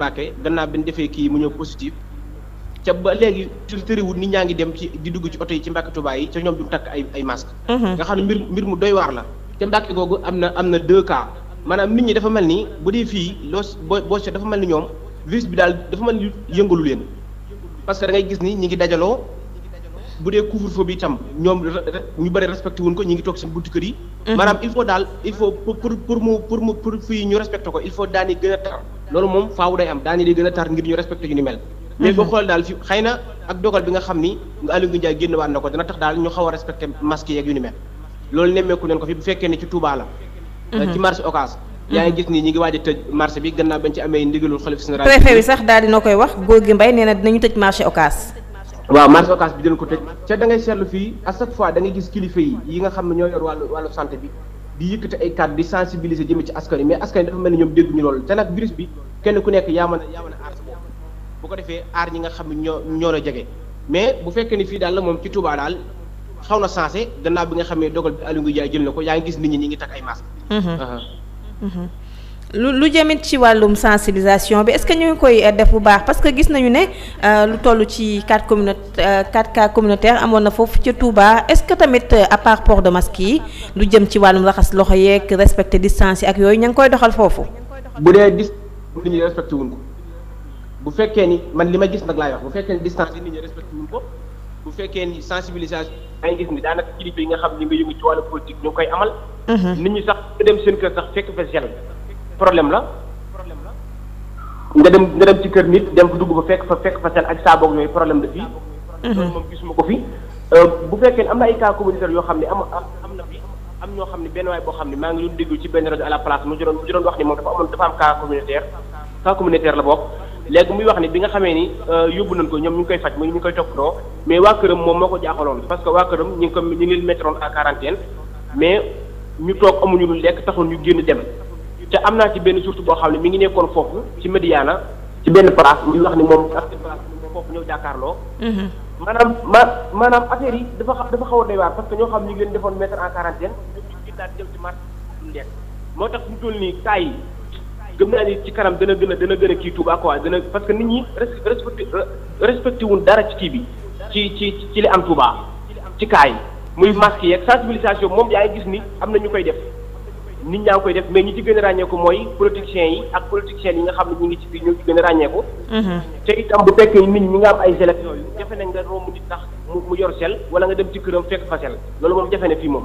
Mbàkke gannaaw bi ñu defee kii mu ñëw positif ca ba léegi tëriwul nit ñaa ngi dem ci di dugg ci oto yi ci Mbàkke Tuubaa yi ca ñoom duñ takk ay ay masque mhm. nga xam ne mbir mu doy waar la te Mbàkke googu am na am na deux cas maanaam nit ñi dafa mel ni bu dee fii loo boo seet dafa mel ni ñoom virus bi daal dafa mel ni yëngalu leen parce que da gis ni ñi ngi dajaloo bu dee couvre-feu bi itam ñoom ñu bëri respecté wuñ ko ñu ngi toog seen buntu kër yi mhm. maanaam il daal il faut pour pour ñu respecté ko il faut daani gën a loolu moom faaw day am daani day gën a tar ngir ñu respecté yu ni mel mais boo mhm. xool daal fi xëy na ak dogal bi nga xam ni nga Aliou Ndiaye génn waat na ko dana tax daal ñu xaw a respecté masque yeeg yu ni mel loolu nemmeeku leen ko fi bu fekkee ne ci Touba la mhm. euh, ci marché Ocass yaa ngi mhm. gis nii ñi ngi waaj a tëj marché bi gannaaw bañ ci amee ndigalul xalif général préfet sax daal dina koy wax góor gi mbay nee na dinañu tëj marché Ocass waaw marché Ocass bi dinañ ko tëj ca da ngay fii à fois da ngay gis kilifa yi nga xam ne ñoo yor wàllu wàllu santé bi di yëkkati ay cadre di sensibiliser jëme ci askan wi mais askan wi dafa mel ni ñoom dégguñu loolu te nag virus bi kenn ku nekk yaa mën a aar sa bopp bu ko defee aar ñi nga xam ne ñoo ñoo la jege mais bu fekkee ni fii daal moom ci Touba daal xaw na sensé gannaaw bi nga xam ne dogal bi Aliou Ndiaye jël na ko yaa ngi gis nit ñi ñi ngi takk ay masques. Mm-hmm. Uh-huh. Mm-hmm. lu lu jëmit ci wàllum sensibilisation bi est-ce que ñu ngi koy euh, def bu baax parce que gis nañu ne euh, lu toll ci quatre communauté euh, quatre cas communautaire amoon na foofu ca Touba est-ce que tamit à part port de masque yi lu jëm ci wàllum raxas loxo yeeg respecter distance yi ak yooyu ña ngi koy doxal foofu. bu dee distance nit ñi respecté wuñ ko bu fekkee ni man li ma gis nag laay wax bu fekkee ni distance nit ñi respecté wuñ ko bu fekkee ni sensibilisation ay gis ni daanaka kilifa yi nga xam ni nga yëngu ci wàllu politique ñu ngi koy amal. Mhm. nit ñi sax dem seen kër sax fekk fa gel. problème la nga dem nga dem ci kër nit dem fa dugg ba fekk fa fekk fa seen ak saaboog yooyu problème de fii mhm. moom gisuma ko fi euh, bu fekkee am na ay cas communautaire yoo xam ne am am na fi am ñoo xam ne benn waay boo xam ne maa ngi doon déglu ci benn rajo à la place mu juróon mu juróon wax ni moom dafa amoon dafa am cas communautaire cas communautaire la bokk léegi muy wax ni bi nga xamee ni euh, yóbbu nañ ko ñoom ñu koy faj ñu ngi koy mais waa këram moom moo ko jaaxaloon parce que waa këram ñu ngi ko ñu ngi leen mettroon en quarantaine mais ñu toog amuñu lu dem te am naa ci benn surtout boo xam ne mu ngi nekkoon foofu ci Médiana ci benn place ñu wax ni moom ak moom foofu ñëw jàkkaarloo. Mhm. maanaam ma maanaam affaire yi dafa xa dafa xaw a parce que ñoo xam ñu ngi leen defoon mettre en quarantaine ñoom ñu ngi moo tax ñu nii cas yi gëm naa ni ci kanam dana gën a dana gën a kii Touba quoi dana parce que nit ñi respecté respecté wuñ dara ci kii bi ci ci ci li am Touba ci cas yi muy masque yeeg sensibilisation moom yaa ngi gis ni am na ñu koy def. nit ñaa ngi koy def mais ñi ci gën a ràññeeku mooy politiciens yi ak politiciens yi nga xam ne ñu ngi ci biir ñoo gën a ràññeeku. Mhm. te itam bu fekkee nit ñi nga am ay gel ak yooyu jafe nañ nga romb nit tax mu yor sel wala nga dem ci këram fekk fa sel loolu moom jafe na fii moom.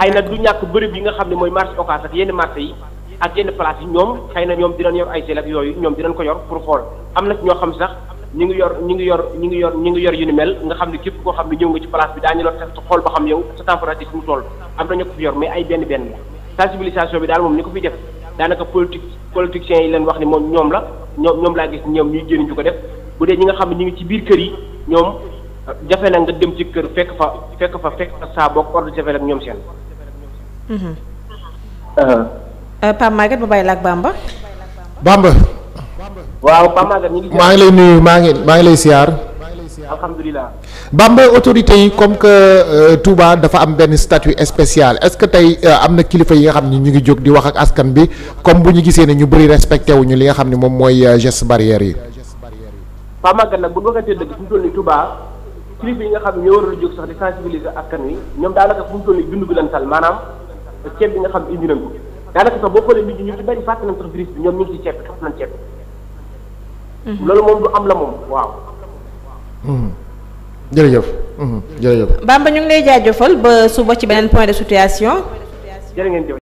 xëy na du ñàkk bërëb yi nga xam ne mooy marché occas ak yenn marché yi ak yenn place yi ñoom xëy na ñoom dinañ yor ay gel ak yooyu ñoom dinañ ko yor pour xool am na ñoo xam sax ñu ngi yor ngi yor ñu ngi yor ñu ngi yor yu ni mel nga xam koo xam ne ñëw nga ci place bi daañu la test xool ay benn benn sensibilisation bi daal moom ni ko fi def daanaka politique politiciens yi leen wax ni moom ñoom la ñoom ñoom laa gis ñoom ñuy génn ñu ko def bu dee ñi nga xam ne ñu ngi ci biir kër yi ñoom jafe na nga dem ci kër fekk fa fekk fa fekk fa saa boog ordre jafe ak ñoom seen. Mhm. Uh-huh. Euh, Pape Maguette ba bàyyi la ak Bamba. Bamba. waaw Pape waaw ñu ngi. maa ngi lay nuyu maa ngi maa ngi lay siyaar. alhamdulilah. Bambey autorités yi comme que euh, tubaa dafa am benn statut spécial est-ce que tey euh, am na kilifa yi nga xam ne ñu ngi jóg di wax ak askan bi comme bu ñu gisee ne ñu bëri respecté wuñu li nga xam ne moom mooy euh, geste barrière yi. Paa Maguette nag bu ñu waxantee dëgg fi mu toll kilifa yi nga xam ne ñoo waroon a jóg sax di sensibiliser askan wi ñoom daanaka fu mu toll nii dund bi lañ sal maanaam ceeb bi nga xam indi nañ ko daanaka sax boo xoolee nit ñu ci bëri fàtte mhm. loolu moom du am la moom jërëjëf mm-hmm. jërëjëf. Bamba ñu ngi lay jëfal ba suba ci beneen point de situation. jërë ngeen jëf.